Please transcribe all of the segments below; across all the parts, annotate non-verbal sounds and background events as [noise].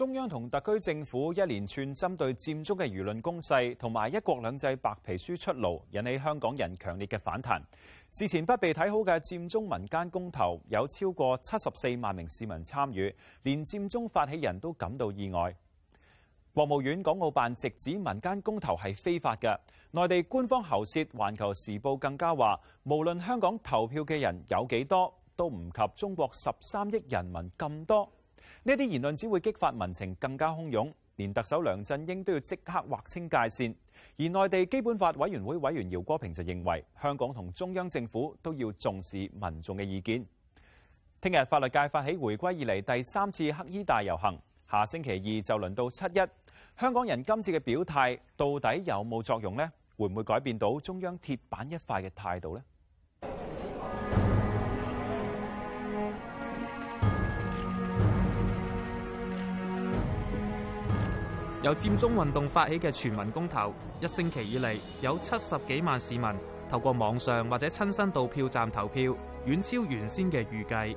中央同特區政府一連串針對佔中嘅輿論攻勢，同埋一國兩制白皮書出爐，引起香港人強烈嘅反彈。事前不被睇好嘅佔中民間公投，有超過七十四萬名市民參與，連佔中發起人都感到意外。國務院港澳辦直指民間公投係非法嘅。內地官方喉舌《環球時報》更加話，無論香港投票嘅人有幾多，都唔及中國十三億人民咁多。呢啲言論只會激發民情更加洶湧，連特首梁振英都要即刻劃清界線。而內地基本法委員會委員姚國平就認為，香港同中央政府都要重視民眾嘅意見。聽日法律界發起回歸以嚟第三次黑衣大遊行，下星期二就輪到七一。香港人今次嘅表態到底有冇作用呢？會唔會改變到中央鐵板一塊嘅態度呢？由佔中運動發起嘅全民公投，一星期以嚟，有七十幾萬市民透過網上或者親身到票站投票，遠超原先嘅預計。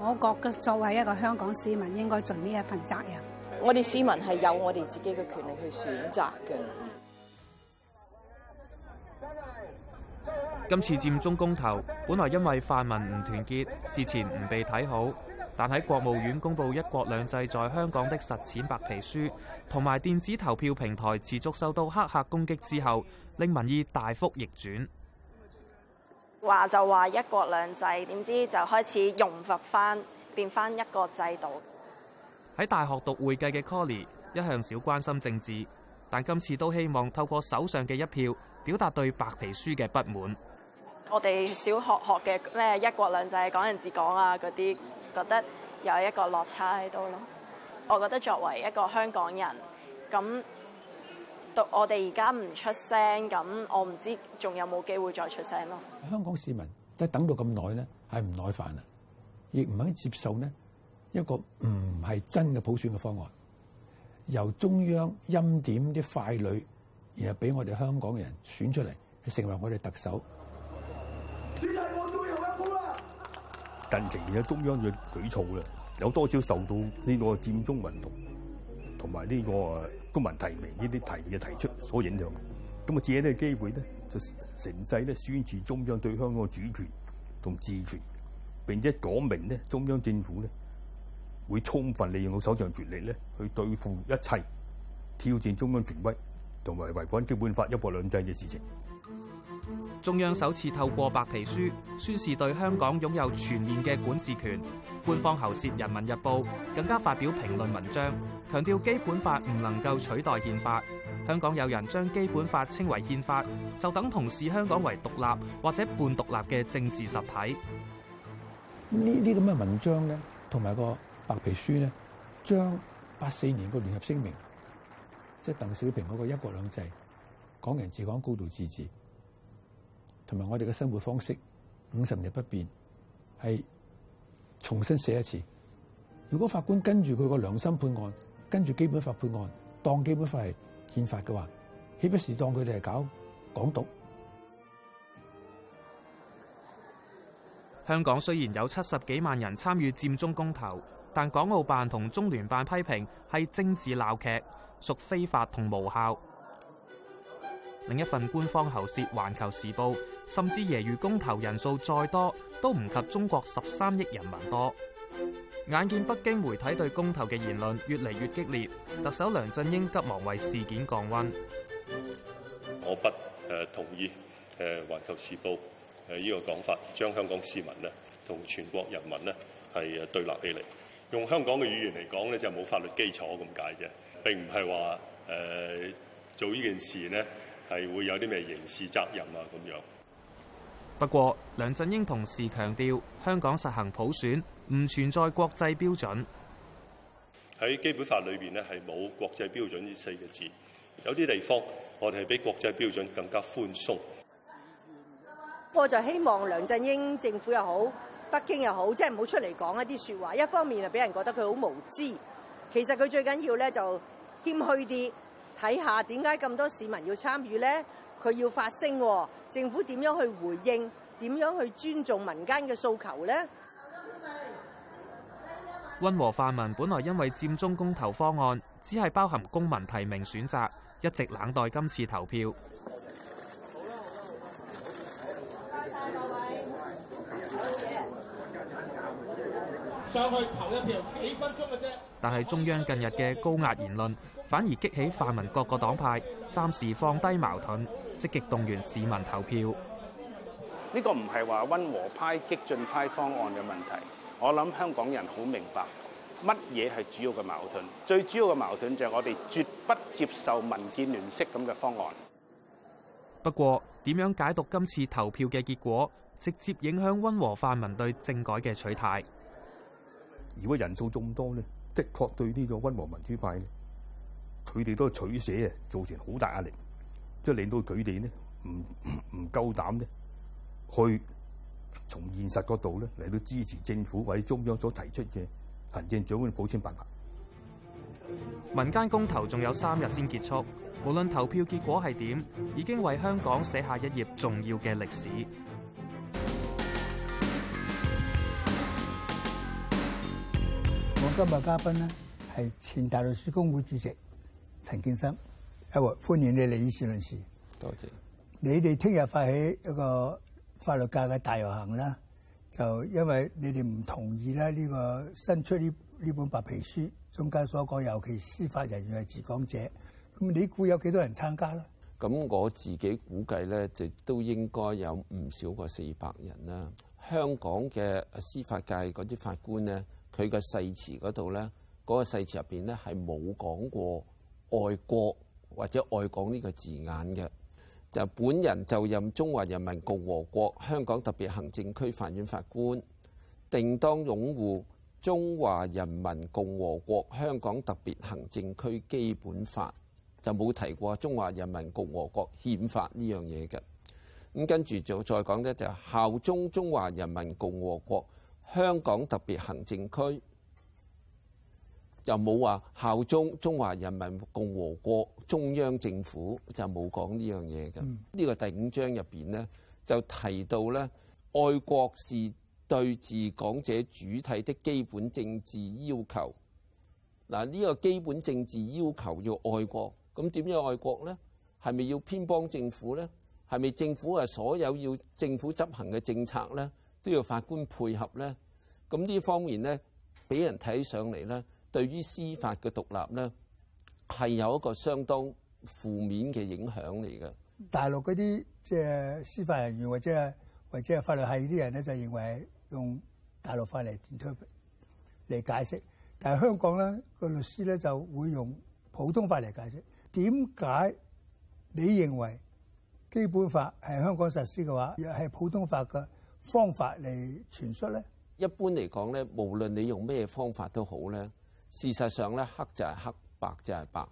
我覺得作為一個香港市民，應該盡呢一份責任。我哋市民係有我哋自己嘅權利去選擇嘅。今次佔中公投本來因為泛民唔團結，事前唔被睇好。但喺國務院公布《一國兩制在香港的實踐》白皮書同埋電子投票平台持續受到黑客攻擊之後，令民意大幅逆轉。話就話一國兩制，點知就開始融合翻，變翻一個制度。喺大學讀會計嘅 Colly 一向少關心政治，但今次都希望透過手上嘅一票，表達對白皮書嘅不滿。我哋小學學嘅咩一國兩制、港人治港啊，嗰啲覺得有一個落差喺度咯。我覺得作為一個香港人，咁到我哋而家唔出聲，咁我唔知仲有冇機會再出聲咯。香港市民，而家等到咁耐咧，係唔耐煩啦，亦唔肯接受呢一個唔係真嘅普選嘅方案，由中央欽點啲傀儡，然後俾我哋香港嘅人選出嚟，係成為我哋特首。我最後一鋪啦！近期而家中央嘅舉措咧，有多少受到呢個佔中運動同埋呢個公民提名呢啲提議嘅提出所影響？咁啊，借呢個機會咧，就乘勢咧宣示中央對香港嘅主權同自治權，並且講明咧中央政府咧會充分利用我手上權力咧去對付一切挑戰中央權威同埋違反基本法一國兩制嘅事情。中央首次透過白皮書宣示對香港擁有全面嘅管治權。官方喉舌《人民日報》更加發表評論文章，強調基本法唔能夠取代憲法。香港有人將基本法稱為憲法，就等同視香港為獨立或者半獨立嘅政治實體。呢啲咁嘅文章咧，同埋個白皮書咧，將八四年個聯合聲明，即係鄧小平嗰個一國兩制、港人治港、高度自治。同埋我哋嘅生活方式五十年不變，係重新寫一次。如果法官跟住佢個良心判案，跟住基本法判案，當基本法係憲法嘅話，豈不是當佢哋係搞港獨？香港雖然有七十幾萬人參與佔中公投，但港澳辦同中聯辦批評係政治鬧劇，屬非法同無效。另一份官方喉舌《環球時報》。甚至揶揄公投人數再多，都唔及中國十三億人民多。眼見北京媒體對公投嘅言論越嚟越激烈，特首梁振英急忙為事件降溫。我不誒同意誒《環球時報》誒依個講法，將香港市民咧同全國人民咧係誒對立起嚟。用香港嘅語言嚟講，咧，就冇法律基礎咁解啫。並唔係話誒做呢件事呢，係會有啲咩刑事責任啊咁樣。不過梁振英同時強調，香港實行普選唔存在國際標準。喺基本法裏邊咧，係冇國際標準呢四個字。有啲地方我哋係比國際標準更加寬鬆。我就希望梁振英政府又好，北京又好，即係唔好出嚟講一啲說話。一方面就俾人覺得佢好無知。其實佢最緊要咧就謙虛啲，睇下點解咁多市民要參與咧？佢要發聲喎、哦。政府點樣去回應？點樣去尊重民間嘅訴求呢？温和泛民本來因為佔中公投方案，只係包含公民提名選擇，一直冷待今次投票。上去投一票，幾分鐘嘅啫。但係中央近日嘅高壓言論，反而激起泛民各個黨派暫時放低矛盾，積極動員市民投票。呢個唔係話温和派、激進派方案嘅問題。我諗香港人好明白乜嘢係主要嘅矛盾。最主要嘅矛盾就係我哋絕不接受民建聯式咁嘅方案。不過點樣解讀今次投票嘅結果，直接影響温和泛民對政改嘅取態。如果人數眾多咧，的確對呢個温和民主派咧，佢哋都取捨啊，造成好大壓力，即係令到佢哋咧唔唔唔夠膽咧去從現實角度咧嚟到支持政府或者中央所提出嘅行政長官普選辦法。民間公投仲有三日先結束，無論投票結果係點，已經為香港寫下一頁重要嘅歷史。今日嘉賓咧係前大律師公會主席陳建生，阿歡迎你嚟議事論事。多謝你哋聽日發起一個法律界嘅大遊行啦，就因為你哋唔同意咧呢個新出呢呢本白皮書，中間所講尤其司法人員係治港者，咁你估有幾多人參加啦？咁我自己估計咧，就都應該有唔少過四百人啦，香港嘅司法界嗰啲法官咧。佢個誓詞嗰度呢，嗰個誓詞入邊呢，係冇講過愛國或者愛港呢個字眼嘅。就本人就任中華人民共和國香港特別行政區法院法官，定當擁護中華人民共和國香港特別行政區基本法，就冇提過中華人民共和國憲法呢樣嘢嘅。咁跟住就再講呢，就效忠中華人民共和國。香港特別行政區又冇話效忠中華人民共和國中央政府，就冇講呢樣嘢嘅。呢、嗯呢個第五章入邊咧，就提到咧，愛國是對治港者主體的基本政治要求。嗱，呢個基本政治要求要愛國，咁點樣愛國咧？係咪要偏幫政府咧？係咪政府啊？所有要政府執行嘅政策咧，都要法官配合咧？咁呢方面咧，俾人睇上嚟咧，對於司法嘅獨立咧，係有一個相當負面嘅影響嚟嘅。大陸嗰啲即係司法人員，或者係或者係法律系啲人咧，就認為用大陸法嚟嚟解釋，但係香港咧個律師咧就會用普通法嚟解釋。點解你認為基本法係香港實施嘅話，若係普通法嘅方法嚟傳述咧？一般嚟講咧，無論你用咩方法都好咧，事實上咧，黑就係黑，白就係白。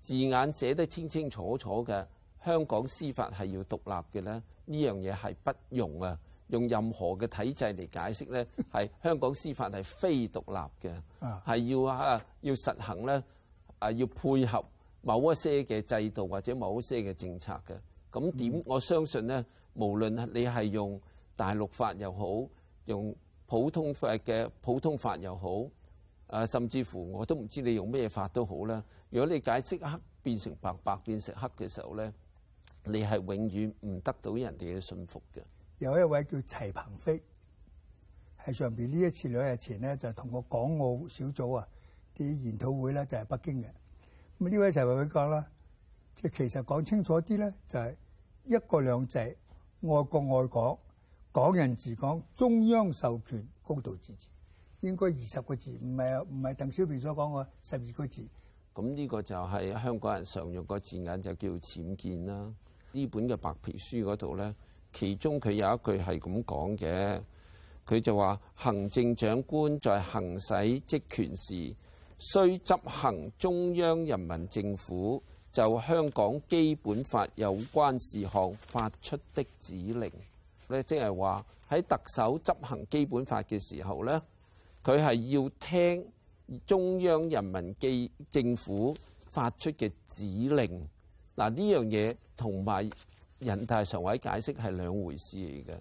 字眼寫得清清楚楚嘅，香港司法係要獨立嘅咧，呢樣嘢係不容啊！用任何嘅體制嚟解釋咧，係 [laughs] 香港司法係非獨立嘅，係 [laughs] 要啊，要實行咧啊，要配合某一些嘅制度或者某一些嘅政策嘅。咁點、嗯、我相信咧，無論你係用大陸法又好用普通法嘅普通法又好，啊，甚至乎我都唔知你用咩法都好啦。如果你解釋黑變成白，白變成黑嘅時候咧，你係永遠唔得到人哋嘅信服嘅。有一位叫齊鵬飛喺上邊呢一次兩日前咧，就同我港澳小組啊啲研討會咧，就係北京嘅。咁呢位齊鵬飛講啦，即係其實講清楚啲咧，就係一國兩制，愛國愛港。港人治港，中央授權高度自治，應該二十個字，唔係，唔係鄧小平所講嘅十二個字，咁呢個就係香港人常用個字眼，就叫僭建啦。呢本嘅白皮書嗰度咧，其中佢有一句係咁講嘅，佢就話行政長官在行使職權時須執行中央人民政府就香港基本法有關事項發出的指令。咧即係話喺特首執行基本法嘅時候咧，佢係要聽中央人民政府發出嘅指令。嗱、啊、呢樣嘢同埋人大常委解釋係兩回事嚟嘅。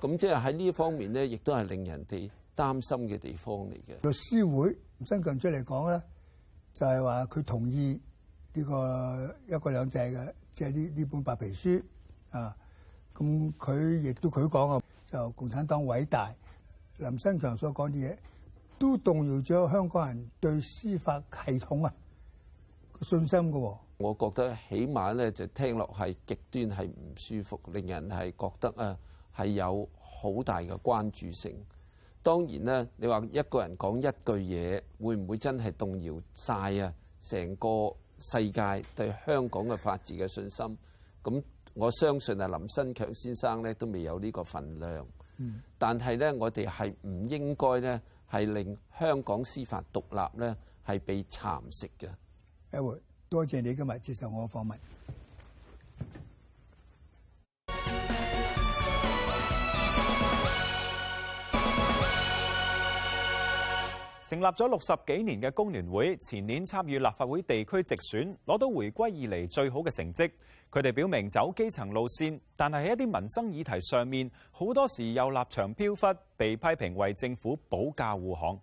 咁即係喺呢方面咧，亦都係令人哋擔心嘅地方嚟嘅。律師會吳新強出嚟講咧，就係話佢同意呢、呢個一國兩制嘅，即係呢呢本白皮書啊。咁佢亦都佢講啊，就共產黨偉大。林新強所講啲嘢都動搖咗香港人對司法系統啊信心嘅。我覺得起碼咧就聽落係極端係唔舒服，令人係覺得啊係有好大嘅關注性。當然啦，你話一個人講一句嘢，會唔會真係動搖晒啊成個世界對香港嘅法治嘅信心？咁我相信啊林新強先生咧都未有呢個份量，但係咧我哋係唔應該咧係令香港司法獨立咧係被蠶食嘅。Edward，多謝你今日接受我嘅訪問。成立咗六十幾年嘅工聯會，前年參與立法會地區直選，攞到回歸以嚟最好嘅成績。佢哋表明走基層路線，但係喺一啲民生議題上面，好多時又立場飄忽，被批評為政府保駕護航。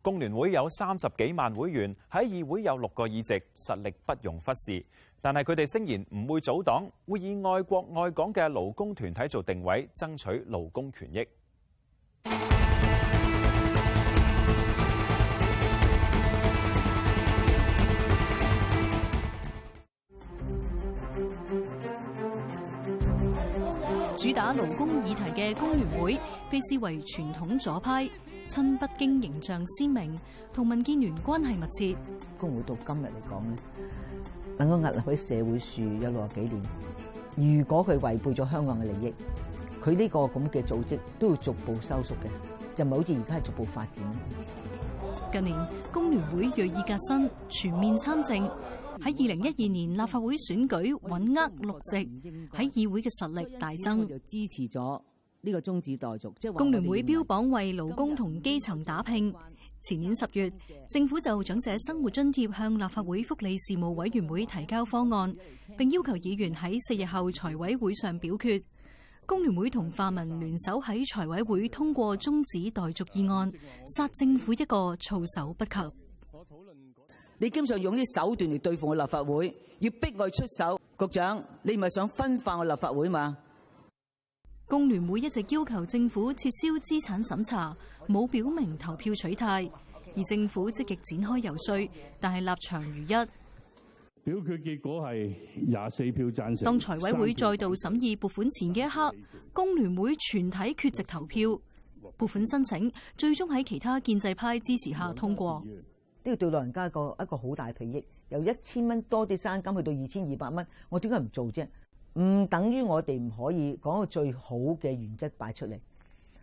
工聯會有三十幾萬會員，喺議會有六個議席，實力不容忽視。但係佢哋聲言唔會組黨，會以愛國愛港嘅勞工團體做定位，爭取勞工權益。主打勞工議題嘅工聯會被視為傳統左派，親北京形象鮮明，同民建聯關係密切。工會到今日嚟講咧，能夠屹立喺社會樹有六十幾年。如果佢違背咗香港嘅利益，佢呢個咁嘅組織都要逐步收縮嘅，就唔係好似而家係逐步發展。近年，工聯會銳意革新，全面參政。喺二零一二年立法會選舉穩握六席，喺議會嘅實力大增，支持咗呢個中止待續。即係工聯會標榜為勞工同基層打拼。前年十月，政府就長者生活津貼向立法會福利事務委員會提交方案，並要求議員喺四日後財委會上表決。工聯會同泛民聯手喺財委會通過中止待續議案，殺政府一個措手不及。你經常用啲手段嚟對付我立法會，要逼我出手。局長，你唔係想分化我立法會嘛？工聯會一直要求政府撤銷資產審查，冇表明投票取態，而政府積極展開遊說，但係立場如一。表決結果係廿四票贊成。當財委會再度審議撥款前嘅一刻，工聯會全體缺席投票。撥款申請最終喺其他建制派支持下通過。都要對老人家個一個好大嘅裨益，由一千蚊多啲生金去到二千二百蚊，我點解唔做啫？唔等於我哋唔可以講個最好嘅原則擺出嚟。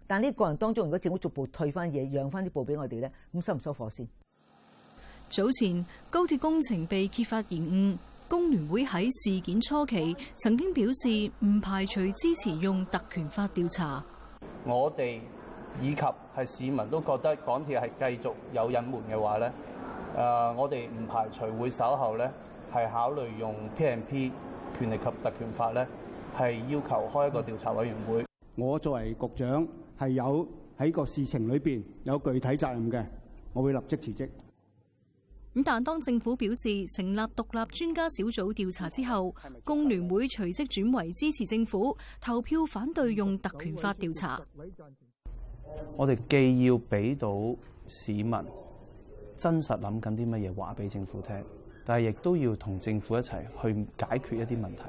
但係呢個過程當中，如果政府逐步退翻嘢，讓翻啲步俾我哋咧，咁收唔收貨先？早前高鐵工程被揭發延誤，工聯會喺事件初期曾經表示唔排除支持用特權法調查。我哋。以及係市民都覺得港鐵係繼續有隱瞞嘅話咧，誒，我哋唔排除會稍後咧，係考慮用 P&P 權力及特權法咧，係要求開一個調查委員會。我作為局長係有喺個事情裏邊有具體責任嘅，我會立即辭職。咁但當政府表示成立獨立專家小組調查之後，工聯會隨即轉為支持政府，投票反對用特權法調查。我哋既要俾到市民真實諗緊啲乜嘢話俾政府聽，但係亦都要同政府一齊去解決一啲問題。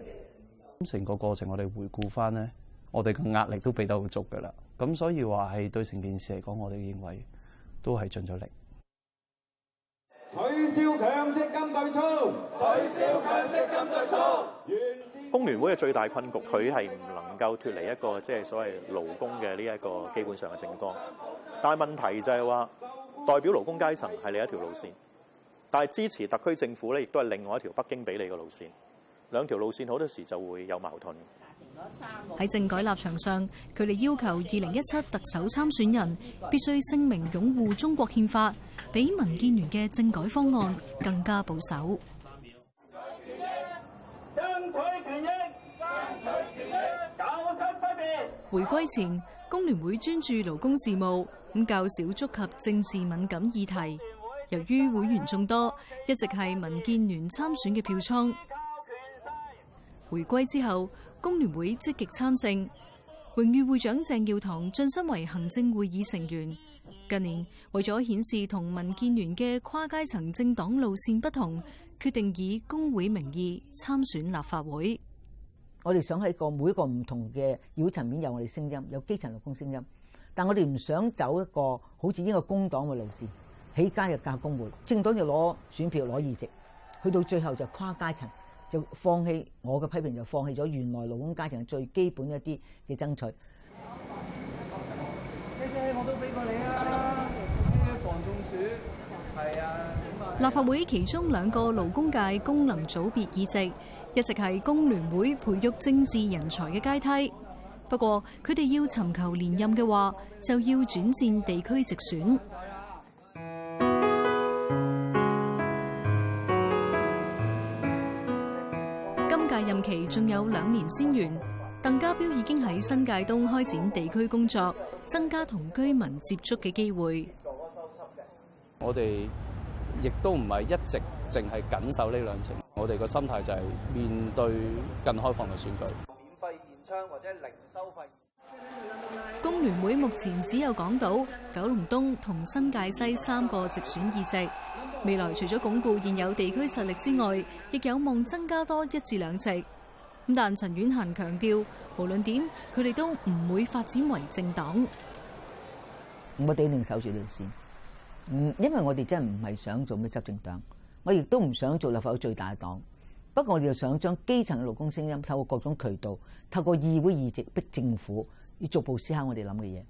咁成個過程我回回，我哋回顧翻咧，我哋嘅壓力都俾得好足㗎啦。咁所以話係對成件事嚟講，我哋認為都係盡咗力。取消強積金對沖，取消強積金對沖。工聯會嘅最大困局，佢係唔能夠脫離一個即係所謂勞工嘅呢一個基本上嘅政綱。但係問題就係話，代表勞工階層係另一條路線，但係支持特區政府咧，亦都係另外一條北京俾你嘅路線。兩條路線好多時就會有矛盾。喺政改立場上，佢哋要求二零一七特首參選人必須聲明擁護中國憲法，比民建聯嘅政改方案更加保守。回歸前，工聯會專注勞工事務，咁較少觸及政治敏感議題。由於會員眾多，一直係民建聯參選嘅票倉。回歸之後，工聯會積極參政，榮譽會長鄭耀棠晉身為行政會議成員。近年為咗顯示同民建聯嘅跨階層政黨路線不同，決定以工會名義參選立法會。我哋想喺個每一個唔同嘅社會層面有我哋聲音，有基層勞工聲音。但我哋唔想走一個好似呢個工黨嘅路線，起街入教工會，政黨就攞選票攞議席，去到最後就跨階層，就放棄我嘅批評，就放棄咗原來勞工階層最基本一啲嘅爭取。姐姐我都俾過你啊！防中暑。係啊。立法會其中兩個勞工界功能組別議席。一直係工聯會培育政治人才嘅階梯。不過，佢哋要尋求連任嘅話，就要轉戰地區直選。今屆任期仲有兩年先完，鄧家彪已經喺新界東開展地區工作，增加同居民接觸嘅機會。我哋亦都唔係一直淨係緊守呢兩程，我哋個心態就係面對更開放嘅選舉。工聯會目前只有港島、九龍東同新界西三個直選議席，未來除咗鞏固現有地區實力之外，亦有望增加多一至兩席。咁但陳婉嫻強調，無論點，佢哋都唔會發展為政黨。我哋一定守住呢條線。嗯，因為我哋真係唔係想做咩執政黨，我亦都唔想做立法會最大黨。不過，我哋又想將基層嘅勞工聲音透過各種渠道，透過議會議席逼政府要逐步思考我哋諗嘅嘢。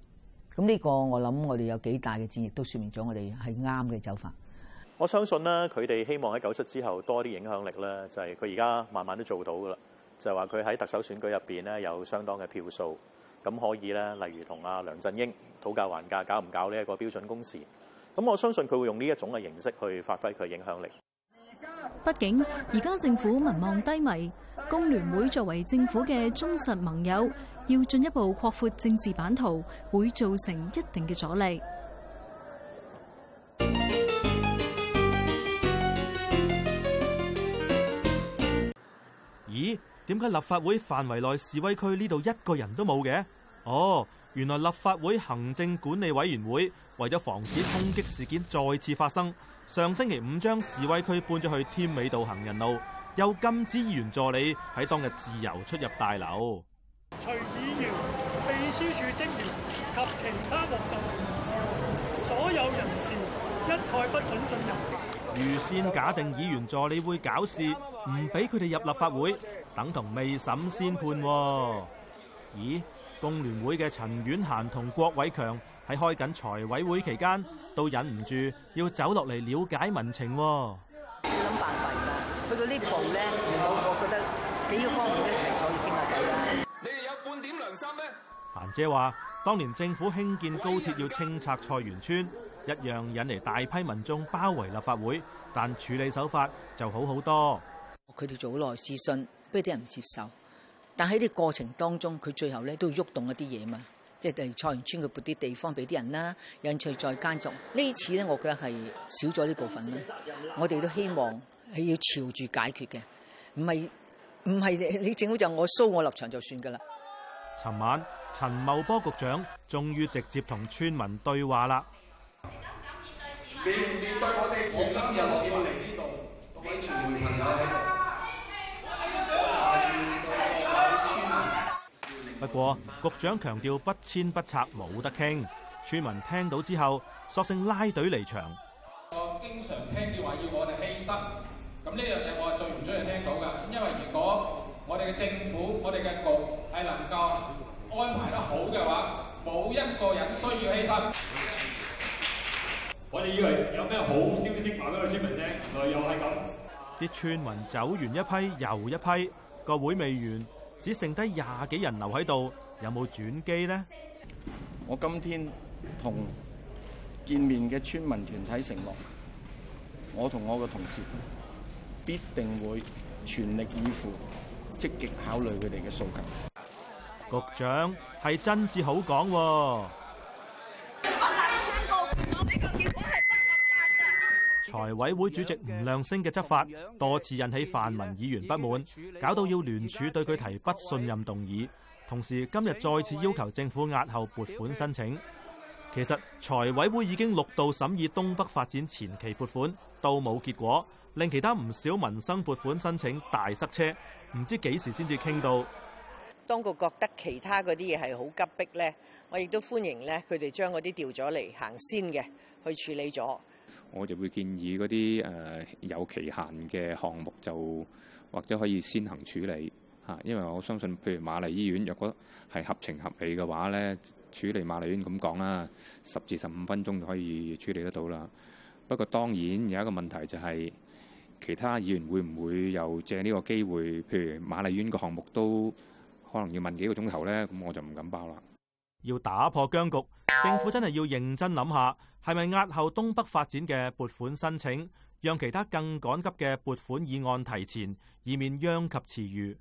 咁呢個我諗，我哋有幾大嘅戰役都説明咗，我哋係啱嘅走法。我相信呢，佢哋希望喺九七之後多啲影響力啦，就係佢而家慢慢都做到噶啦。就係話佢喺特首選舉入邊咧有相當嘅票數，咁可以咧，例如同阿梁振英討價還價，搞唔搞呢一個標準工時？咁我相信佢會用呢一種嘅形式去發揮佢嘅影響力。畢竟而家政府民望低迷，工聯會作為政府嘅忠實盟友，要進一步擴闊政治版圖，會造成一定嘅阻力。咦？點解立法會範圍內示威區呢度一個人都冇嘅？哦，原來立法會行政管理委員會。為咗防止衝擊事件再次發生，上星期五將示威區搬咗去添美道行人路，又禁止議員助理喺當日自由出入大樓。除議員、秘書處職員及其他幕僚人士，所有人士一概不准進入。預先假定議員助理會搞事，唔俾佢哋入立法會，等同未審先判。咦？工聯會嘅陳婉嫻同郭偉強喺開緊財委會期間，都忍唔住要走落嚟了解民情，啊。諗辦法啦，去到呢度咧，我我覺得幾個方面一齊坐要傾下偈。你哋有半點良心咩？嫻姐話，當年政府興建高鐵要清拆菜園村，一樣引嚟大批民眾包圍立法會，但處理手法就好好多。佢哋做好耐私信，俾啲人唔接受。但喺啲過程當中，佢最後咧都要喐動，動一啲嘢嘛，即係菜園村佢撥啲地方俾啲人啦，人取再耕種。呢次咧，我覺得係少咗呢部分啦。我哋都希望係要朝住解決嘅，唔係唔係你政府就我蘇我立場就算噶啦。尋晚陳茂波局長終於直接同村民對話啦。不過，局長強調不遷不拆冇得傾，村民聽到之後，索性拉隊離場。我經常聽見話要我哋犧牲，咁呢樣嘢我係最唔中意聽到㗎。因為如果我哋嘅政府、我哋嘅局係能夠安排得好嘅話，冇一個人需要犧牲。我哋以為有咩好消息話俾個村民聽，原來又係咁。啲村民走完一批又一批，個會未完。只剩低廿幾人留喺度，有冇轉機呢？我今天同見面嘅村民團體承諾，我同我嘅同事必定會全力以赴，積極考慮佢哋嘅訴求。局長係真至好講喎。財委會主席吳亮星嘅執法多次引起泛民議員不滿，搞到要聯署對佢提不信任動議，同時今日再次要求政府押後撥款申請。其實財委會已經六度審議東北發展前期撥款，都冇結果，令其他唔少民生撥款申請大塞車，唔知幾時先至傾到。當局覺得其他嗰啲嘢係好急迫呢，我亦都歡迎咧，佢哋將嗰啲調咗嚟行先嘅去處理咗。我就會建議嗰啲有期限嘅項目就或者可以先行處理吓，因為我相信譬如瑪麗醫院若果係合情合理嘅話呢，處理瑪麗醫院咁講啦，十至十五分鐘就可以處理得到啦。不過當然有一個問題就係、是、其他議員會唔會又借呢個機會，譬如瑪麗醫院個項目都可能要問幾個鐘頭呢，咁我就唔敢包啦。要打破僵局，政府真係要認真諗下，係咪押後東北發展嘅撥款申請，讓其他更趕急嘅撥款議案提前，以免殃及池魚。